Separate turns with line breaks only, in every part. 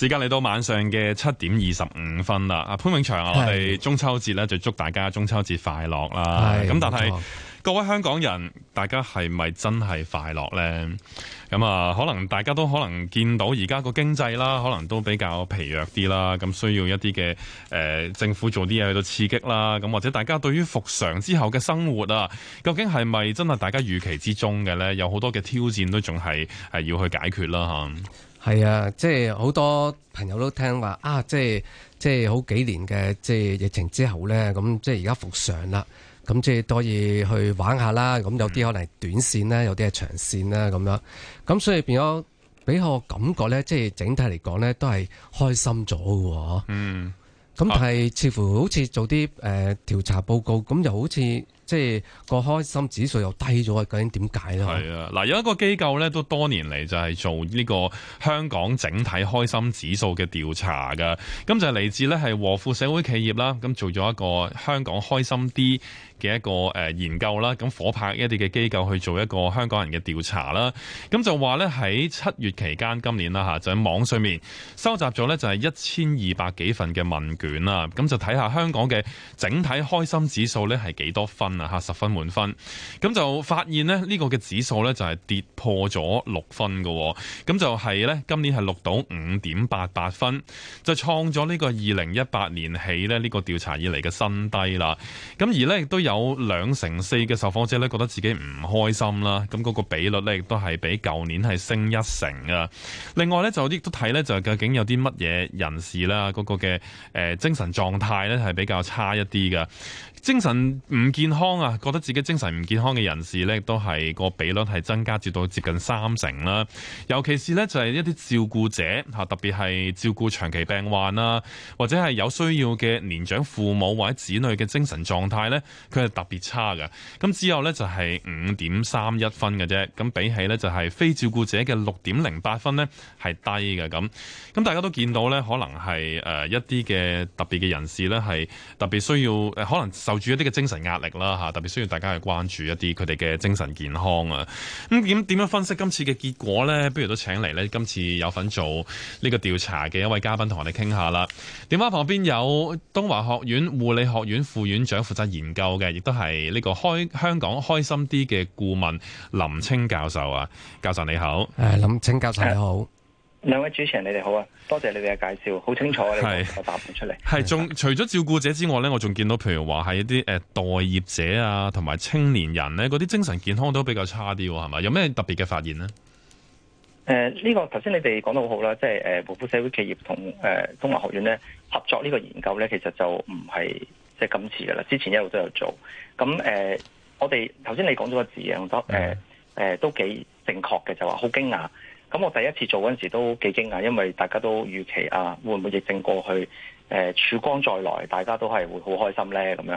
時間嚟到晚上嘅七點二十五分啦！啊潘永祥啊，我哋中秋節咧就祝大家中秋節快樂啦！咁但係各位香港人，大家係咪真係快樂呢？咁啊，可能大家都可能見到而家個經濟啦，可能都比較疲弱啲啦。咁需要一啲嘅誒政府做啲嘢去到刺激啦。咁或者大家對於復常之後嘅生活啊，究竟係咪真係大家預期之中嘅呢？有好多嘅挑戰都仲係係要去解決啦嚇。
係啊，即係好多朋友都聽話啊，即係即係好幾年嘅即係疫情之後咧，咁即係而家復常啦，咁即係多嘢去玩一下啦。咁有啲可能係短綫啦，有啲係長綫啦，咁樣咁所以變咗俾我感覺咧，即係整體嚟講咧都係開心咗嘅。嗯，咁但係似乎好似做啲誒調查報告，咁又好似。即係個開心指數又低咗，究竟點解咧？係
啊，嗱，有一個機構咧，都多年嚟，就係做呢個香港整體開心指數嘅調查嘅，咁就嚟自咧係和富社會企業啦，咁做咗一個香港開心啲嘅一個誒研究啦。咁夥拍一啲嘅機構去做一個香港人嘅調查啦。咁就話咧喺七月期間，今年啦吓，就喺網上面收集咗咧就係一千二百幾份嘅問卷啦。咁就睇下香港嘅整體開心指數咧係幾多分？吓，十分滿分，咁就發現咧呢個嘅指數咧就係跌破咗六分嘅，咁就係咧今年係錄到五點八八分，就創咗呢個二零一八年起咧呢個調查以嚟嘅新低啦。咁而咧亦都有兩成四嘅受訪者咧覺得自己唔開心啦，咁、嗰個比率咧亦都係比舊年係升一成啊，另外咧就亦都睇咧就究竟有啲乜嘢人士啦，嗰個嘅誒、呃、精神狀態咧係比較差一啲嘅，精神唔健康。啊，覺得自己精神唔健康嘅人士呢都係個比率係增加至到接近三成啦。尤其是呢就係一啲照顧者吓特別係照顧長期病患啦，或者係有需要嘅年長父母或者子女嘅精神狀態咧，佢係特別差嘅。咁之後咧就係五點三一分嘅啫。咁比起咧就係非照顧者嘅六點零八分咧係低嘅。咁咁大家都見到咧，可能係誒一啲嘅特別嘅人士咧，係特別需要誒可能受住一啲嘅精神壓力啦。啊！特別需要大家去關注一啲佢哋嘅精神健康啊！咁點點樣分析今次嘅結果呢？不如都請嚟今次有份做呢個調查嘅一位嘉賓同我哋傾下啦。電話旁邊有東華學院護理學院副院長負責研究嘅，亦都係呢個開香港開心啲嘅顧問林清教授啊。教授你好，誒，林清教授你好。啊
兩位主
持人，你哋好啊！多謝你哋嘅介紹，好清楚呢、啊、個答案出嚟。
係仲除咗照顧者之外咧，我仲見到譬如話係一啲誒、呃、待業者啊，同埋青年人咧，嗰啲精神健康都比較差啲，係嘛？有咩特別嘅發現呢？誒、
呃，呢、這個頭先你哋講得好好啦，即係誒，呃、富社會企業同誒、呃、東華學院咧合作呢個研究咧，其實就唔係即係今次噶啦，之前一路都有做。咁誒、呃，我哋頭先你講咗個字，好多誒誒、呃呃、都幾正確嘅，就話好驚訝。咁我第一次做嗰陣時都幾驚訝，因為大家都預期啊，會唔會疫症過去？誒、呃、曙光再來，大家都係會好開心呢。咁樣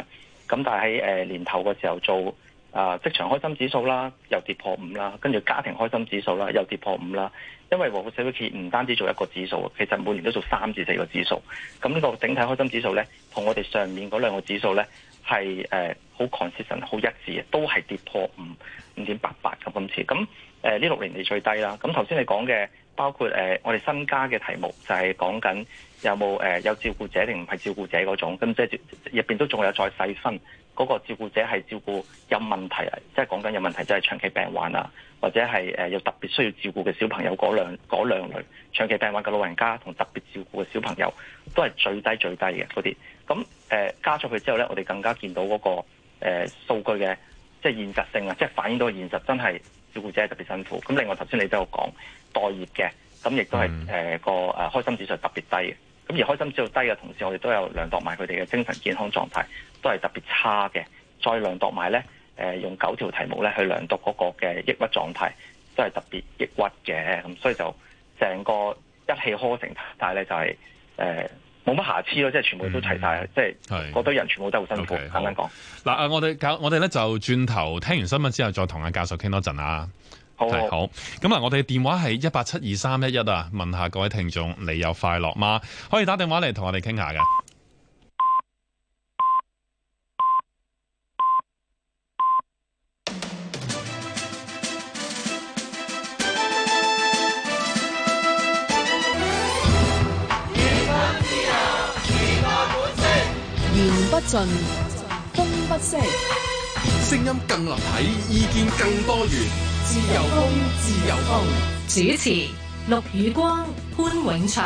咁但係喺、呃、年頭嘅時候做啊職、呃、場開心指數啦，又跌破五啦；跟住家庭開心指數啦，又跌破五啦。因為和富社會企業唔單止做一個指數，其實每年都做三至四個指數。咁、那、呢個整體開心指數呢，同我哋上面嗰兩個指數呢。係誒好 consistent 好一致嘅，都係跌破五五點八八，咁今次咁誒呢六年嚟最低啦。咁頭先你講嘅包括誒、呃、我哋新加嘅題目就係講緊有冇誒有、呃、有照顧者定唔係照顧者嗰種，咁即係入邊都仲有再細分嗰、嗰個照顧者係照顧有問題，即係講緊有問題就係長期病患啊，或者係誒、呃、有特別需要照顧嘅小朋友，嗰兩嗰兩類長期病患嘅老人家同特別照顧嘅小朋友都係最低最低嘅嗰啲，嗰啲咁誒、呃、加咗佢之後咧，我哋更加見到嗰、那個誒、呃、數據嘅即係現實性啊，即係反映到現實真係照顧者係特別辛苦。咁另外頭先你有代都有講待業嘅，咁亦都係誒個誒、啊、開心指數特別低嘅。咁而開心指數低嘅同時，我哋都有量度埋佢哋嘅精神健康狀態都係特別差嘅。再量度埋咧、呃、用九條題目咧去量度嗰個嘅抑鬱狀態都係特別抑鬱嘅。咁所以就成個一氣呵成，但係咧就係、是、誒。呃冇乜瑕疵咯，即係全部都齊晒，嗯，即係嗰堆人全部都好辛苦。
簡單講，嗱，我哋教我哋咧就轉頭聽完新聞之後，再同阿教授傾多陣啊。好，好。咁啊，我哋電話係一八七二三一一啊，問下各位聽眾，你有快樂嗎？可以打電話嚟同我哋傾下嘅。
不盡，風不息，
聲音更立體，意見更
多元，自由風，
自由風。主持：陸宇光、潘永祥。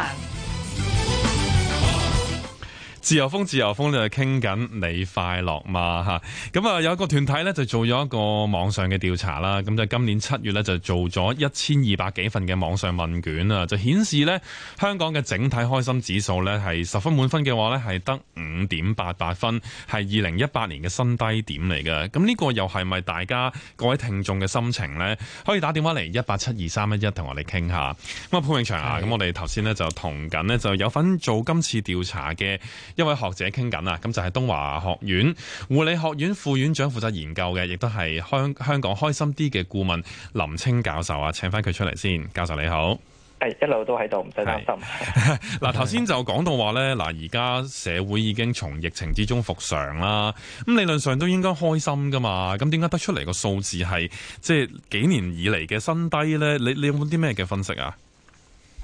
自由風，自由風，你就傾緊你快樂嘛？吓咁啊！有一個團體呢，就做咗一個網上嘅調查啦。咁就今年七月呢，就做咗一千二百幾份嘅網上問卷啊，就顯示呢，香港嘅整體開心指數呢，係十分滿分嘅話呢，係得五點八八分，係二零一八年嘅新低點嚟嘅。咁呢個又係咪大家各位聽眾嘅心情呢？可以打電話嚟一八七二三一一同我哋傾下。咁啊，潘永祥啊，咁我哋頭先呢，就同緊呢，就有份做今次調查嘅。一位學者傾緊啊，咁就係、是、東華學院護理學院副院長負責研究嘅，亦都係香香港開心啲嘅顧問林清教授啊，請返佢出嚟先，教授你好。
係，一路都喺度，唔使擔
心。嗱，頭 先就講到話咧，嗱，而家社會已經從疫情之中復常啦，咁理論上都應該開心㗎嘛，咁點解得出嚟個數字係即係幾年以嚟嘅新低咧？你你有冇啲咩嘅分析啊？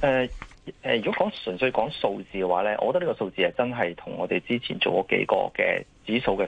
誒、
呃。誒，如果講純粹講數字嘅話咧，我覺得呢個數字係真係同我哋之前做過幾個嘅指數嘅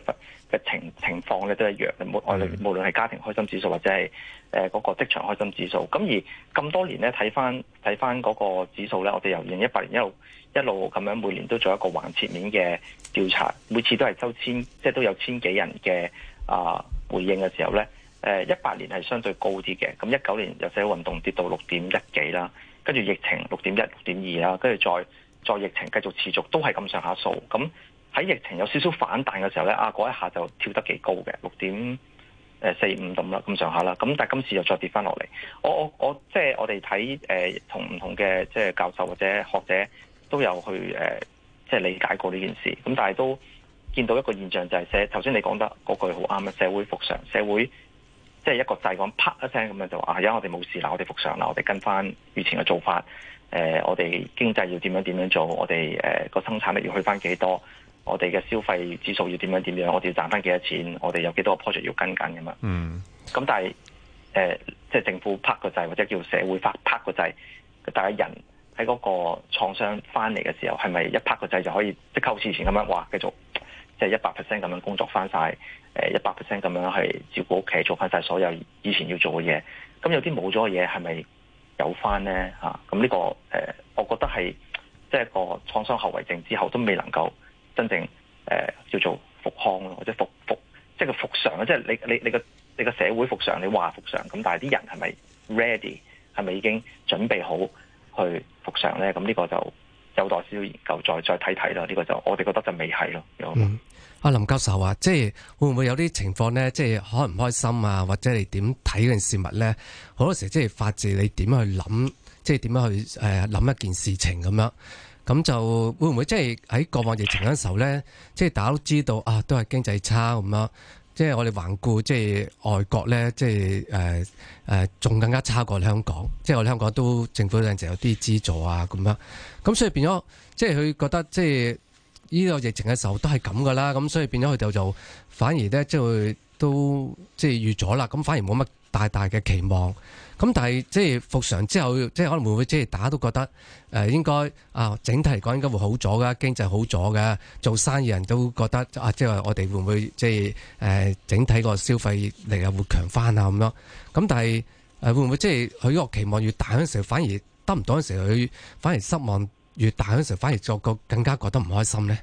嘅情情況咧都係一樣。嗯、無論無論係家庭開心指數或者係誒嗰個職場開心指數，咁而咁多年咧睇翻睇翻嗰個指數咧，我哋由二零一八年一路一路咁樣每年都做一個橫切面嘅調查，每次都係收千，即係都有千幾人嘅啊、呃、回應嘅時候咧，誒一八年係相對高啲嘅，咁一九年有啲運動跌到六點一幾啦。跟住疫情六點一、六點二啦，跟住再再疫情繼續持續都係咁上下數。咁喺疫情有少少反彈嘅時候咧，啊嗰一下就跳得幾高嘅，六點誒四五咁啦，咁上下啦。咁但係今次又再跌翻落嚟。我我我即係、就是、我哋睇、呃、同唔同嘅即係教授或者學者都有去即係、呃就是、理解過呢件事。咁但係都見到一個現象就係社頭先你講得嗰句好啱嘅：「社會復常，社會。即係一個掣咁，啪一聲咁樣就話，啊，而家我哋冇事啦，我哋復常啦，我哋跟翻以前嘅做法。誒、呃，我哋經濟要點樣點樣做？我哋誒個生產力要去翻幾多？我哋嘅消費指數要點樣點樣？我哋要賺翻幾多錢？我哋有幾多 project 要跟緊咁樣啊？mm. 嗯。咁但係誒，即、呃、係、就是、政府拍個掣，或者叫社會拍拍個掣，大家人喺嗰個創傷翻嚟嘅時候，係咪一拍個掣就可以即係好似以前咁樣？哇，繼續。即係一百 percent 咁樣工作翻晒，誒一百 percent 咁樣係照顧屋企，做翻晒所有以前要做嘅嘢。咁有啲冇咗嘅嘢係咪有翻咧？嚇，咁呢個誒，我覺得係即係個創傷後遺症之後都未能夠真正誒叫做復康咯，或者復復即係個復常啦。即係你你你個你個社會復常，你話復常，咁但係啲人係咪 ready？係咪已經準備好去復常咧？咁呢個就～有待少少研究，再再睇睇啦。呢、這個就我哋覺得就未係
咯。
阿、嗯、林教授話、啊：，即係會唔會有啲情況呢？即係開唔開心啊？或者你點睇嗰件事物呢？好多時即係發自你點樣去諗，即係點樣去誒諗、呃、一件事情咁樣。咁就會唔會即係喺過往疫情嗰陣時候呢，即係大家都知道啊，都係經濟差咁樣。即係我哋環顧，即係外國咧，即係誒誒，仲、呃、更加差過香港。即係我哋香港都政府有陣時有啲資助啊，咁樣咁，所以變咗即係佢覺得即係呢個疫情嘅時候都係咁噶啦。咁所以變咗佢哋就反而咧即係，就是會都即係預咗啦，咁反而冇乜大大嘅期望。咁但係即係復常之後，即係可能會唔會即係大家都覺得誒、呃，應該啊整體嚟講應該會好咗噶，經濟好咗㗎，做生意人都覺得啊，即係我哋會唔會即係誒、呃、整體個消費力呀會強返啊咁樣？咁但係誒、呃、會唔會即係佢個期望越大嗰陣時候，反而得唔到嗰陣時候，佢反而失望越大嗰陣時候，反而作個更加覺得唔開心呢？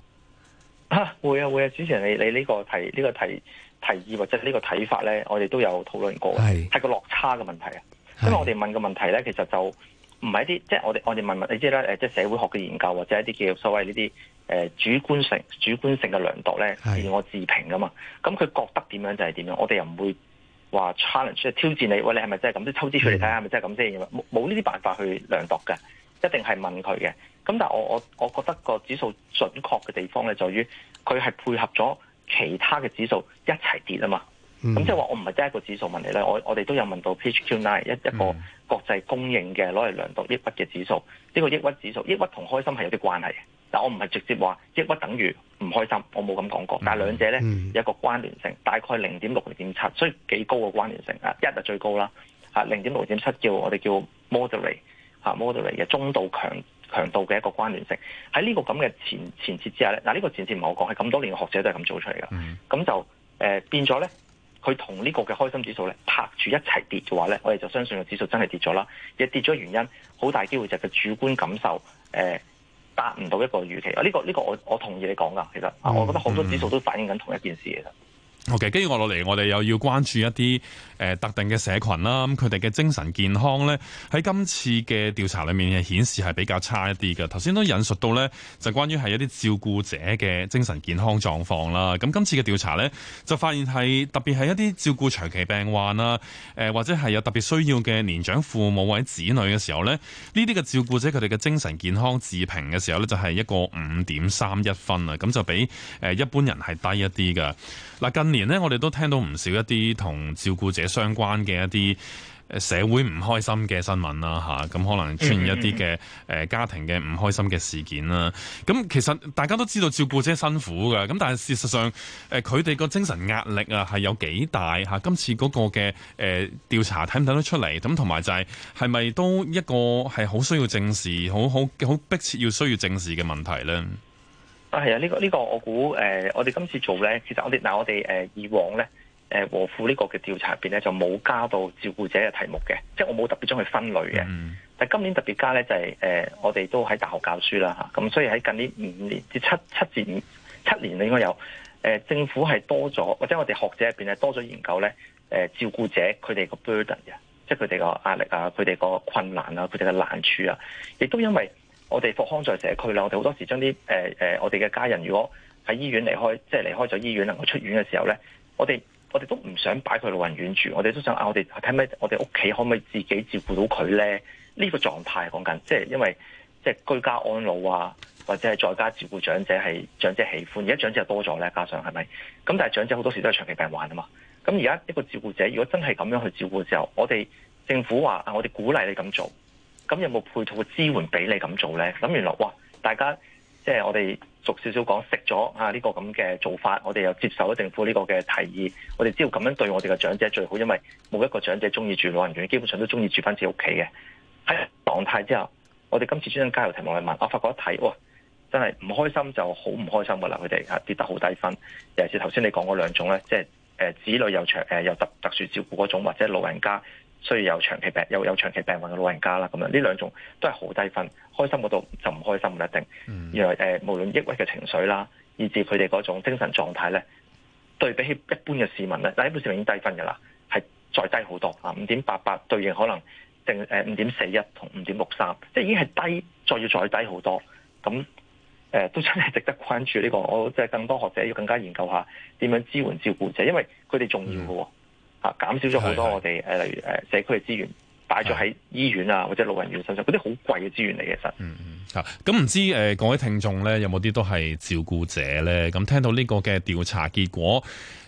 吓、啊、會啊會啊！主持人你你呢個題呢、這個題。提議或者呢個睇法咧，我哋都有討論過，係個落差嘅問題啊。因為我哋問嘅問題咧，其實就唔係一啲即係我哋我哋問問，你知啦，誒即係社會學嘅研究或者一啲叫所謂呢啲誒主觀性、主觀性嘅量度咧，自我自評㗎嘛。咁佢覺得點樣就係點樣，我哋又唔會話 challenge、挑戰你，喂你係咪真係咁？即抽支水嚟睇下係咪真係咁啫？冇冇呢啲辦法去量度嘅，一定係問佢嘅。咁但係我我我覺得個指數準確嘅地方咧，在於佢係配合咗。其他嘅指數一齊跌啊嘛，咁即係話我唔係得一個指數問題咧，我我哋都有問到 PHQ9 一一個國際公認嘅攞嚟量度抑鬱嘅指數，呢個抑鬱指數抑鬱同開心係有啲關係，但我唔係直接話抑鬱等於唔開心，我冇咁講過，但係兩者咧、嗯、有一個關聯性，大概零點六零點七，所以幾高嘅關聯性 moderate，啊，一就最高啦，嚇零點六點七叫我哋叫 moderate moderate 嘅中度強。強度嘅一個關聯性，喺呢個咁嘅前前設之下咧，嗱、這、呢個前設唔係我講，係咁多年嘅學者都係咁做出嚟嘅。咁、嗯、就誒、呃、變咗咧，佢同呢個嘅開心指數咧拍住一齊跌嘅話咧，我哋就相信個指數真係跌咗啦。而跌咗原因，好大機會就係個主觀感受誒達唔到一個預期。啊、這個，呢個呢個我我同意你講噶，其實我覺得好多指數都反映緊同一件事嘅。嗯嗯
ok 跟住我落嚟，我哋又要關注一啲、呃、特定嘅社群啦。咁佢哋嘅精神健康咧，喺今次嘅調查裏面嘅顯示係比較差一啲嘅。頭先都引述到咧，就關於係一啲照顧者嘅精神健康狀況啦。咁今次嘅調查咧，就發現係特別係一啲照顧長期病患啦，呃、或者係有特別需要嘅年長父母或者子女嘅時候咧，呢啲嘅照顧者佢哋嘅精神健康自評嘅時候咧，就係、是、一個五點三一分啊。咁就比、呃、一般人係低一啲嘅。嗱，近近年咧，我哋都聽到唔少一啲同照顧者相關嘅一啲社會唔開心嘅新聞啦，吓，咁可能出現一啲嘅誒家庭嘅唔開心嘅事件啦。咁、嗯嗯、其實大家都知道照顧者辛苦㗎，咁但係事實上誒佢哋個精神壓力啊係有幾大吓？今次嗰個嘅誒調查睇唔睇得出嚟？咁同埋就係係咪都一個係好需要正視、好好好迫切要需要正視嘅問題咧？
啊，係啊！呢個呢個，這個，我估誒、呃，我哋今次做咧，其實我哋嗱、呃，我哋誒、呃、以往咧，誒、呃、和富呢個嘅調查入邊咧，就冇加到照顧者嘅題目嘅，即係我冇特別將佢分類嘅、嗯。但係今年特別加咧，就係、是、誒、呃、我哋都喺大學教書啦吓，咁所以喺近呢五年至七七至五七年咧，應該有誒、呃、政府係多咗，或者我哋學者入邊係多咗研究咧，誒、呃、照顧者佢哋個 burden 嘅，即係佢哋個壓力啊，佢哋個困難啊，佢哋嘅難處啊，亦都因為。我哋復康在社區啦，我哋好多時將啲誒誒我哋嘅家人，如果喺醫院離開，即係離開咗醫院能夠出院嘅時候咧，我哋我哋都唔想擺佢老人院住，我哋都想啊，我哋睇咩？我哋屋企可唔可以自己照顧到佢咧？呢個狀態講緊，即係因為即係居家安老啊，或者係在家照顧長者係長者喜歡，而家長者又多咗咧，加上係咪？咁但係長者好多時都係長期病患啊嘛，咁而家一個照顧者如果真係咁樣去照顧嘅時候，我哋政府話啊，我哋鼓勵你咁做。咁有冇配套嘅支援俾你咁做咧？咁原來哇，大家即係我哋逐少少講食咗啊呢個咁嘅做法，我哋又接受咗政府呢個嘅提議，我哋知道咁樣對我哋嘅長者最好，因為冇一個長者中意住老人院，基本上都中意住翻自己屋企嘅。喺狀態之後，我哋今次專登加入題目嚟問，我發覺一睇哇，真係唔開心就好唔開心嘅啦，佢哋嚇跌得好低分。尤其是頭先你講嗰兩種咧，即係子女又長誒又特特殊照顧嗰種，或者老人家。所以有長期病有有長期病患嘅老人家啦，咁樣呢兩種都係好低分，開心嗰度就唔開心啦，一定。嗯、原來誒、呃，無論抑鬱嘅情緒啦，以至佢哋嗰種精神狀態咧，對比起一般嘅市民咧，但一般市民已經低分嘅啦，係再低好多啊，五點八八對應可能定誒五點四一同五點六三，即係已經係低再要再低好多，咁誒、呃、都真係值得關注呢、呢個，我即係更多學者要更加研究下點樣支援照顧者，因為佢哋重要嘅喎。嗯啊，減少咗好多我哋誒，例如誒社區嘅資源擺咗喺醫院啊，或者老人院身上，嗰啲好貴嘅資源嚟，其實嗯。嗯
嗯。嚇、嗯，咁唔知誒各位聽眾咧，有冇啲都係照顧者咧？咁聽到呢個嘅調查結果。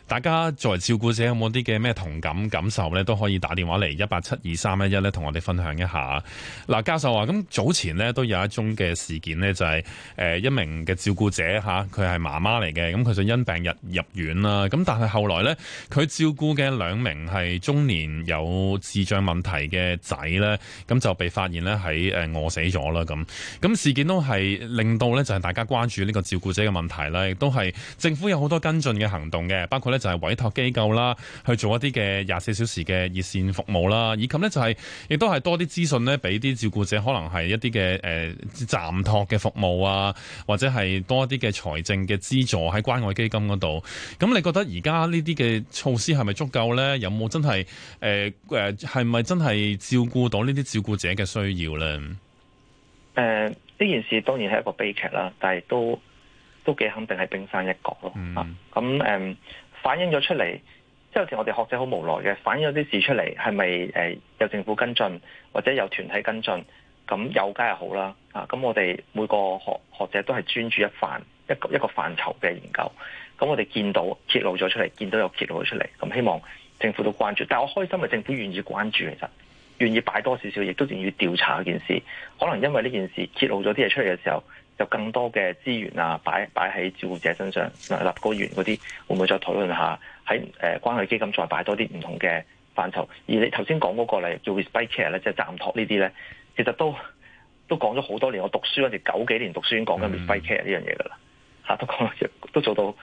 大家作為照顧者有冇啲嘅咩同感感受呢？都可以打電話嚟一八七二三一一咧，同我哋分享一下。嗱、呃，教授話咁早前呢都有一宗嘅事件呢，就係、是、誒、呃、一名嘅照顧者嚇，佢係媽媽嚟嘅，咁佢就因病入入院啦。咁、啊、但係後來呢，佢照顧嘅兩名係中年有智障問題嘅仔呢，咁就被發現呢，喺誒餓死咗啦。咁咁事件都係令到呢，就係、是、大家關注呢個照顧者嘅問題啦，亦都係政府有好多跟進嘅行動嘅，包括呢就係、是、委託機構啦，去做一啲嘅廿四小時嘅熱線服務啦，以及、就是、也是呢，就係亦都係多啲資訊呢，俾啲照顧者可能係一啲嘅誒暫托嘅服務啊，或者係多一啲嘅財政嘅資助喺關愛基金嗰度。咁你覺得而家呢啲嘅措施係咪足夠呢？有冇真係誒誒係咪真係照顧到呢啲照顧者嘅需要呢？誒、呃，
呢件事當然係一個悲劇啦，但係都都幾肯定係冰山一角咯、嗯。啊，咁誒。呃反映咗出嚟，即係有時我哋學者好無奈嘅，反映咗啲事出嚟，係咪誒有政府跟進，或者有團體跟進？咁有梗係好啦，啊，咁我哋每個學，學者都係專注一範一個一個範疇嘅研究。咁我哋見到揭露咗出嚟，見到又揭露咗出嚟，咁希望政府都關注。但我開心係政府願意關注，其實願意擺多少少，亦都願意調查一件事。可能因為呢件事揭露咗啲嘢出嚟嘅時候。有更多嘅資源啊，擺擺喺照顧者身上。立高園嗰啲會唔會再討論下喺誒、呃、關愛基金再擺多啲唔同嘅範疇？而你頭先講嗰個例叫 respite care 咧，即係暫託呢啲咧，其實都都講咗好多年。我讀書嗰陣九幾年讀書已經講緊 respite care 呢樣嘢噶啦嚇。不、mm. 過都，都做到，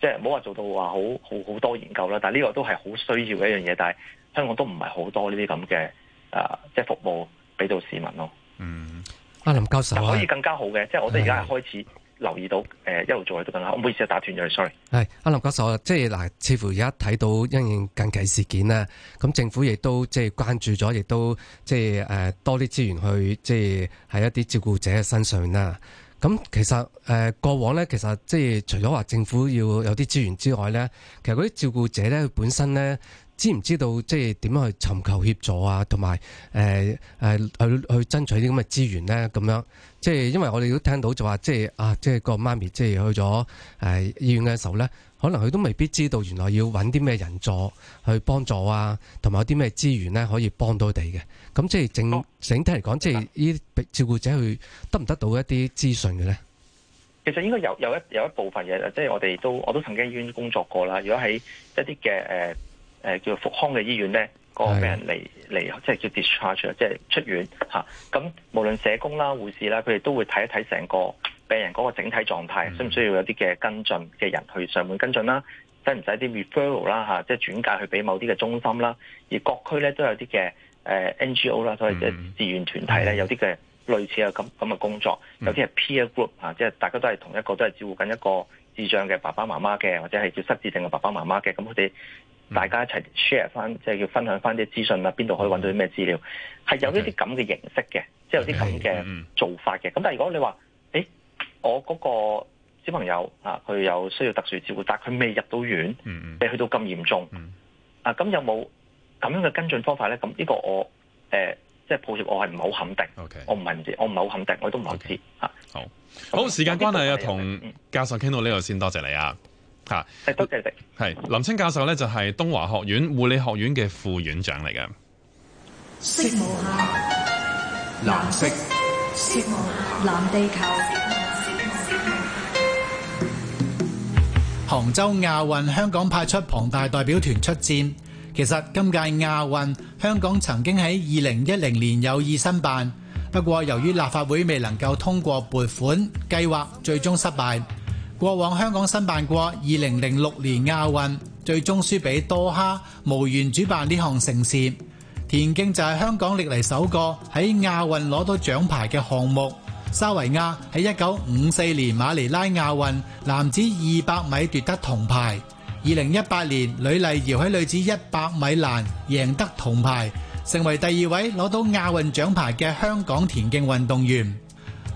即係冇話做到話好好好多研究啦。但係呢個都係好需要嘅一樣嘢。但係香港都唔係好多呢啲咁嘅啊，即係服務俾到市民咯。嗯、mm.。
阿林教授可以
更加好嘅，即係我哋而家開始留意到，誒一路做喺度咁啦。唔好意思，打斷咗 sorry
係阿林教授，即係嗱，似乎而家睇到因應近期事件咧，咁政府亦都即係關注咗，亦都即係誒、呃、多啲資源去即係喺一啲照顧者嘅身上啦。咁其實誒、呃、過往咧，其實即係除咗話政府要有啲資源之外咧，其實嗰啲照顧者咧本身咧。知唔知道即係點樣去尋求協助啊？同埋誒誒去去爭取啲咁嘅資源咧，咁樣即係因為我哋都聽到就話，即係啊，即係個媽咪即係去咗誒、呃、醫院嘅時候咧，可能佢都未必知道原來要揾啲咩人助去幫助啊，同埋有啲咩資源咧可以幫到佢哋嘅。咁即係整整體嚟講，即係呢照顧者去得唔得到一啲資訊嘅咧？
其實應該有一有一有一部分嘢，即係我哋都我都曾經喺醫院工作過啦。如果喺一啲嘅誒。呃誒叫做復康嘅醫院咧，個病人嚟嚟即係叫 discharge，即係出院嚇，咁無論社工啦、護士啦，佢哋都會睇一睇成個病人嗰個整體狀態，需唔需要有啲嘅跟進嘅人去上門跟進啦？使唔使啲 referral 啦嚇，即係轉介去俾某啲嘅中心啦？而各區咧都有啲嘅 NGO 啦，所以即係志願團體咧有啲嘅類似有咁咁嘅工作，有啲係 peer group 即係大家都係同一個都係照顧緊一個智障嘅爸爸媽媽嘅，或者係叫失智症嘅爸爸媽媽嘅，咁佢哋。嗯、大家一齊 share 翻，即、就、係、是、要分享翻啲資訊啦，邊度可以揾到啲咩資料？係、okay. 有一啲咁嘅形式嘅，okay. 即係有啲咁嘅做法嘅。咁、okay. 但係如果你話，誒、欸，我嗰個小朋友啊，佢有需要特殊照顧，但係佢未入到院、嗯，未去到咁嚴重、嗯、啊，咁有冇咁樣嘅跟進方法咧？咁呢個我誒，即、呃、係、就是、抱歉我係唔係好肯定。我唔係唔知，我唔係好肯定，我都唔係好知嚇。
好，好，時間關係啊，同教授傾到呢度、嗯、先，多謝你啊！吓、嗯，係多謝係林清教授咧，就係東華學院護理學院嘅副院長嚟嘅。藍
色，
色母
下，藍地球。
杭州亞運，香港派出龐大代表團出戰。其實今屆亞運，香港曾經喺二零一零年有意申辦，不過由於立法會未能夠通過撥款計劃，計劃最終失敗。過往香港申辦過二零零六年亞運，最終輸俾多哈，無緣主辦呢項賽事。田徑就係香港歷嚟首個喺亞運攞到獎牌嘅項目。沙維亞喺一九五四年馬尼拉亞運男子二百米奪得銅牌。二零一八年呂麗瑤喺女子一百米欄贏得銅牌，成為第二位攞到亞運獎牌嘅香港田徑運動員。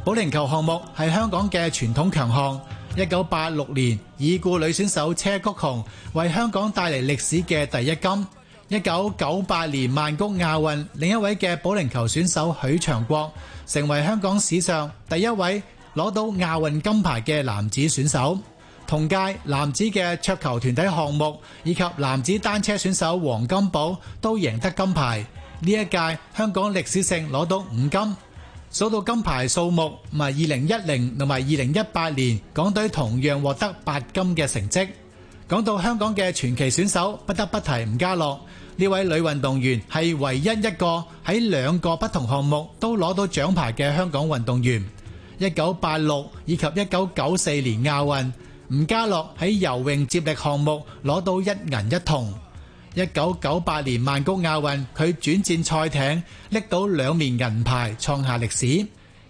保齡球項目係香港嘅傳統強項。一九八六年，已故女選手車菊紅為香港帶嚟歷史嘅第一金。一九九八年曼谷亞運，另一位嘅保齡球選手許長國成為香港史上第一位攞到亞運金牌嘅男子選手。同屆男子嘅桌球團體項目以及男子單車選手黃金寶都贏得金牌。呢一屆香港歷史性攞到五金。數到金牌數目，唔係二零一零同埋二零一八年，港隊同樣獲得八金嘅成績。講到香港嘅傳奇選手，不得不提吳家樂呢位女運動員，係唯一一個喺兩個不同項目都攞到獎牌嘅香港運動員。一九八六以及一九九四年亞運，吳家樂喺游泳接力項目攞到一銀一銅。一九九八年曼谷亞運，佢轉戰賽艇，拎到兩面銀牌，創下歷史。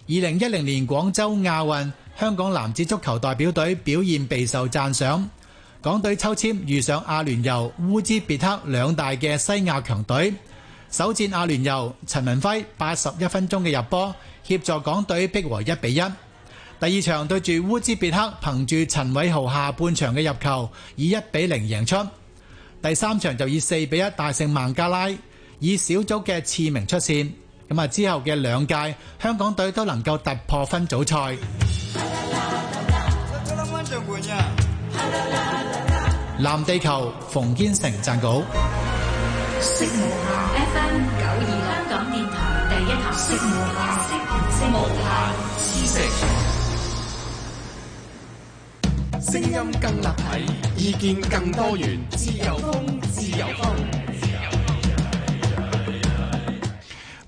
二零一零年廣州亞運，香港男子足球代表隊表現備受讚賞。港隊抽籤遇上阿聯酋、烏茲別克兩大嘅西亞強隊。首戰阿聯酋，陳文輝八十一分鐘嘅入波協助港隊逼和一比一。第二場對住烏茲別克，憑住陳偉豪下半場嘅入球，以一比零贏出。第三場就以四比一大勝孟加拉，以小組嘅次名出線。咁啊之後嘅兩屆香港隊都能夠突破分組賽。
啊、
藍地球馮堅成撰稿。FM
九二香港電台第一台。
聲音更立體，意見更多元，自由風，自由風。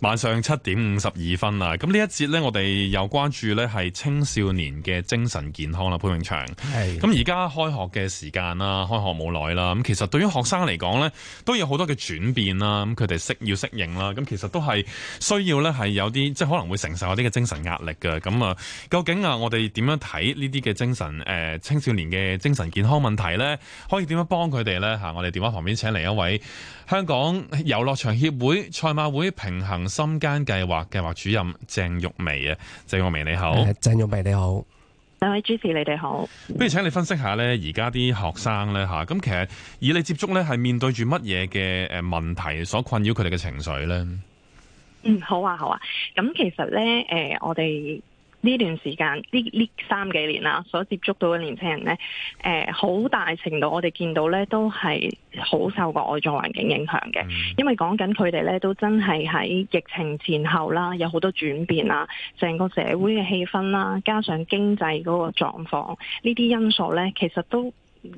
晚上七點五十二分啦，咁呢一節咧，我哋有關注咧係青少年嘅精神健康啦，潘永祥。係，咁而家開學嘅時間啦，開學冇耐啦，咁其實對於學生嚟講咧，都有好多嘅轉變啦，咁佢哋適要適應啦，咁其實都係需要咧係有啲即係可能會承受有啲嘅精神壓力嘅，咁啊，究竟啊我哋點樣睇呢啲嘅精神誒青少年嘅精神健康問題咧，可以點樣幫佢哋咧吓？我哋電話旁邊請嚟一位香港遊樂場協會賽馬會平行。心間計劃計劃主任鄭玉媚啊，鄭玉媚你好，鄭玉媚你好，
兩位主持你哋好，
不如請你分析下咧，而家啲學生咧吓，咁其實以你接觸咧，係面對住乜嘢嘅誒問題，所困擾佢哋嘅情緒
咧？嗯，
好啊，好啊，咁其實咧，誒、呃，我哋。呢段時間，呢呢三幾年啦，所接觸到嘅年輕人呢，誒、呃，好大程度我哋見到呢都係好受個外在環境影響嘅，因為講緊佢哋呢都真係喺疫情前後啦，有好多轉變啦，成個社會嘅氣氛啦，加上經濟嗰個狀況，呢啲因素呢其實都。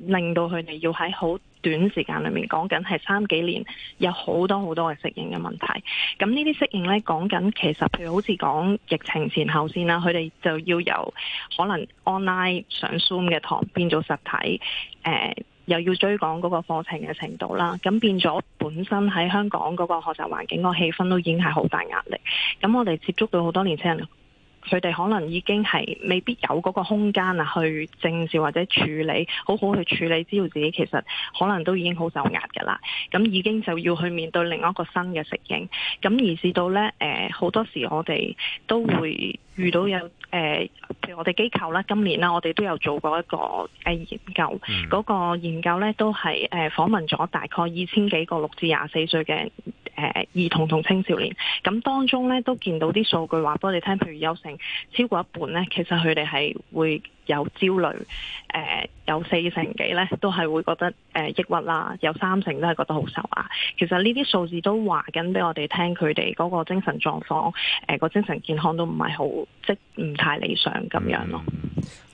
令到佢哋要喺好短時間裏面講緊係三幾年，有好多好多嘅適應嘅問題。咁呢啲適應呢，講緊其實，譬如好似講疫情前後先啦，佢哋就要由可能 online 上 Zoom 嘅堂變做實體，誒、呃、又要追趕嗰個課程嘅程度啦。咁變咗本身喺香港嗰個學習環境個氣氛都已經係好大壓力。咁我哋接觸到好多年輕人。佢哋可能已經係未必有嗰個空間啊，去正視或者處理，好好去處理，知道自己其實可能都已經好受壓嘅啦。咁已經就要去面對另一個新嘅適應。咁而至到呢，誒、呃、好多時我哋都會。遇到有誒、呃，譬如我哋機構啦，今年啦，我哋都有做過一個誒研究，嗰、嗯，那個研究咧都係誒、呃、訪問咗大概二千幾個六至廿四歲嘅誒、呃、兒童同青少年，咁當中咧都見到啲數據話，俾我哋聽，譬如有成超過一半咧，其實佢哋係會。有焦慮，誒、呃、有四成幾咧，都係會覺得誒、呃、抑鬱啦，有三成都係覺得好受。啊。其實呢啲數字都話緊俾我哋聽，佢哋嗰個精神狀況，誒、呃那個精神健康都唔係好，即唔太理想咁樣咯、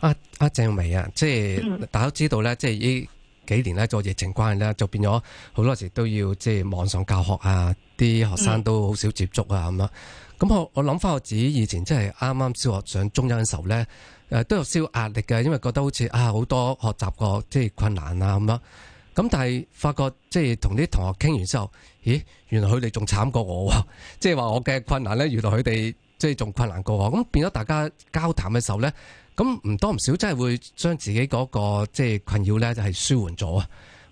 啊。阿
阿鄭偉啊，即係、嗯、大家都知道咧，即係呢幾年咧，做、就是、疫情關係啦，就變咗好多時都要即係網上教學啊，啲學生都好少接觸啊咁啦。咁、嗯、我我諗翻我自己以前即係啱啱小學上中一嗰陣時候咧。誒都有少壓力嘅，因為覺得好似啊好多學習過即係困難啊咁樣。咁但係發覺即係同啲同學傾完之後，咦原來佢哋仲慘過我喎！即係話我嘅困難咧，原來佢哋即係仲困，困難過我。咁變咗大家交談嘅時候咧，咁唔多唔少真係會將自己嗰、那個即係困擾咧就係舒緩咗。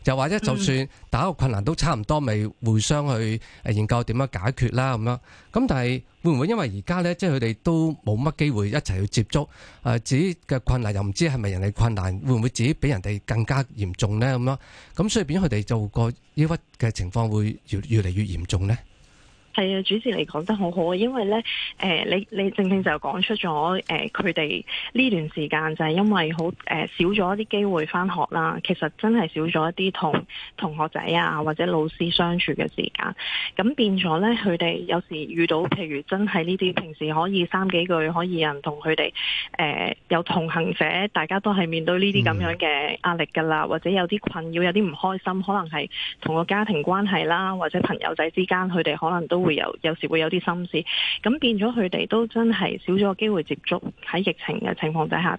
又或者，就算打個困難都差唔多，咪互相去研究點樣解決啦咁樣。咁但係會唔會因為而家咧，即係佢哋都冇乜機會一齊去接觸，誒自己嘅困難又唔知係咪人哋困難，會唔會自己俾人哋更加嚴重咧咁樣？咁所以變佢哋做個抑鬱嘅情況會越越嚟越嚴重咧。
係啊，主持嚟講得好好啊，因為呢，誒、呃，你你正正就講出咗誒，佢哋呢段時間就係因為好誒、呃、少咗一啲機會返學啦，其實真係少咗一啲同同學仔啊或者老師相處嘅時間，咁變咗呢，佢哋有時遇到譬如真係呢啲平時可以三幾句可以有人同佢哋誒有同行者，大家都係面對呢啲咁樣嘅壓力㗎啦，或者有啲困擾，有啲唔開心，可能係同個家庭關係啦，或者朋友仔之間，佢哋可能都。會有有時會有啲心思，咁變咗佢哋都真係少咗個機會接觸喺疫情嘅情況底下，誒、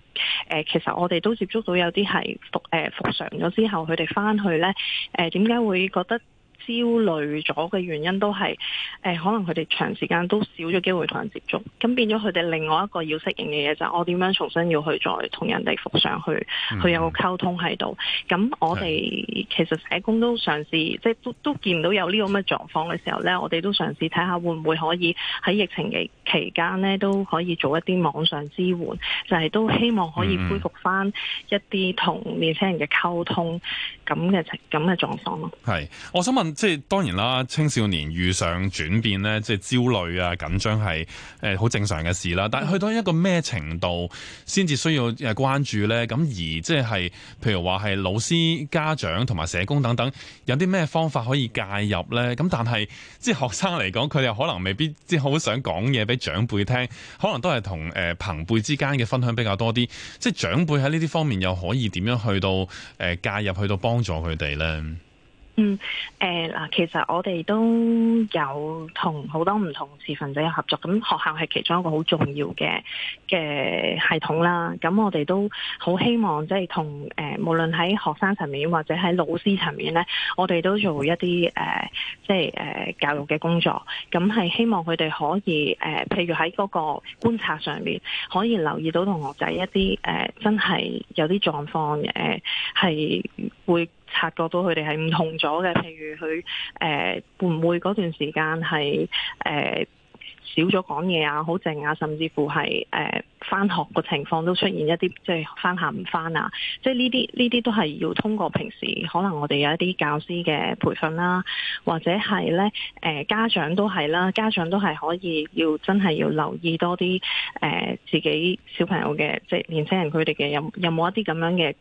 呃、其實我哋都接觸到有啲係復誒復常咗之後，佢哋返去呢誒點解會覺得，焦慮咗嘅原因都係，誒、呃，可能佢哋長時間都少咗機會同人接觸，咁變咗佢哋另外一個要適應嘅嘢就係，我點樣重新要去再同人哋服上去，去有個溝通喺度。咁我哋其實社工都嘗試，即係都都見唔到有呢個咩狀況嘅時候呢，我哋都嘗試睇下會唔會可以喺疫情期期間呢都可以做一啲網上支援，就係、是、都希望可以恢復翻一啲同年輕人嘅溝通。咁嘅情，咁
嘅狀況咯。係，我想問，即係當然啦，青少年遇上轉變咧，即係焦慮啊、緊張係誒好正常嘅事啦。但係去到一個咩程度先至需要誒關注咧？咁而即係譬如話係老師家長同埋社工等等，有啲咩方法可以介入咧？咁但係即係學生嚟講，佢哋可能未必即係好想講嘢俾長輩聽，可能都係同誒朋輩之間嘅分享比較多啲。即係長輩喺呢啲方面又可以點樣去到誒、呃、介入，去到幫。幫助佢哋咧？
嗯，誒、呃、嗱，其實我哋都有同好多唔同持份者有合作。咁學校係其中一個好重要嘅嘅系統啦。咁我哋都好希望即係同誒，無論喺學生層面或者喺老師層面咧，我哋都做一啲誒、呃，即係誒、呃、教育嘅工作。咁係希望佢哋可以誒、呃，譬如喺嗰個觀察上面，可以留意到同學仔一啲誒、呃，真係有啲狀況嘅係會。察覺到佢哋係唔同咗嘅，譬如佢誒、呃、會唔會嗰段時間係誒、呃、少咗講嘢啊，好靜啊，甚至乎係誒返學個情況都出現一啲即係返下唔返啊，即係呢啲呢啲都係要通過平時可能我哋有一啲教師嘅培訓啦，或者係咧誒家長都係啦，家長都係可以要真係要留意多啲誒、呃、自己小朋友嘅即係年輕人佢哋嘅有有冇一啲咁樣嘅。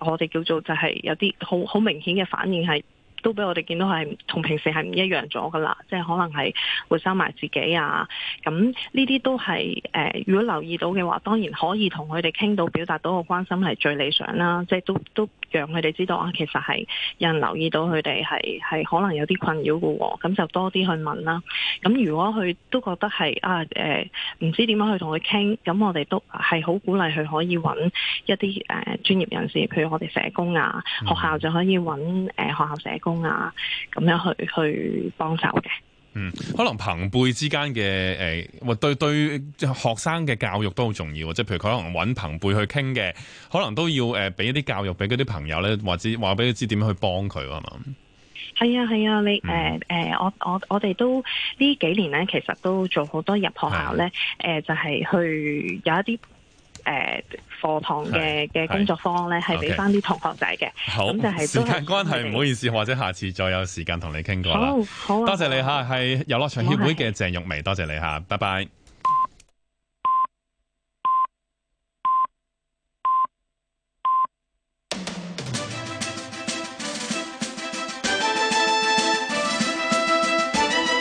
我哋叫做，就係有啲好好明顯嘅反應，係。都俾我哋見到係同平時係唔一樣咗噶啦，即係可能係會收埋自己啊，咁呢啲都係誒、呃，如果留意到嘅話，當然可以同佢哋傾到表達到個關心係最理想啦，即係都都讓佢哋知道啊，其實係有人留意到佢哋係係可能有啲困擾嘅喎、啊，咁就多啲去問啦。咁如果佢都覺得係啊誒，呃、唔知點樣去同佢傾，咁我哋都係好鼓勵佢可以揾一啲誒、呃、專業人士，譬如我哋社工啊、嗯，學校就可以揾、呃、學校社工。啊，咁樣去去幫手嘅。
嗯，可能朋輩之間嘅誒，或、呃、對對，對，對學生嘅教育都好重要。即係譬如佢可能搵朋輩去傾嘅，可能都要誒，俾、呃、一啲教育俾嗰啲朋友咧，或者話俾佢知點樣去幫佢啊嘛。
係啊係啊，你誒誒、呃呃，我我我哋都呢幾年咧，其實都做好多入學校咧，誒、啊呃，就係、是、去有一啲。誒，課堂嘅嘅工作坊咧，係俾翻啲同學仔嘅。咁就係時間關係唔
好意思，或者下次再有時間同你傾過啦。好，好、啊，多謝你吓，係遊樂場協會嘅鄭玉媚，多謝你吓，拜拜。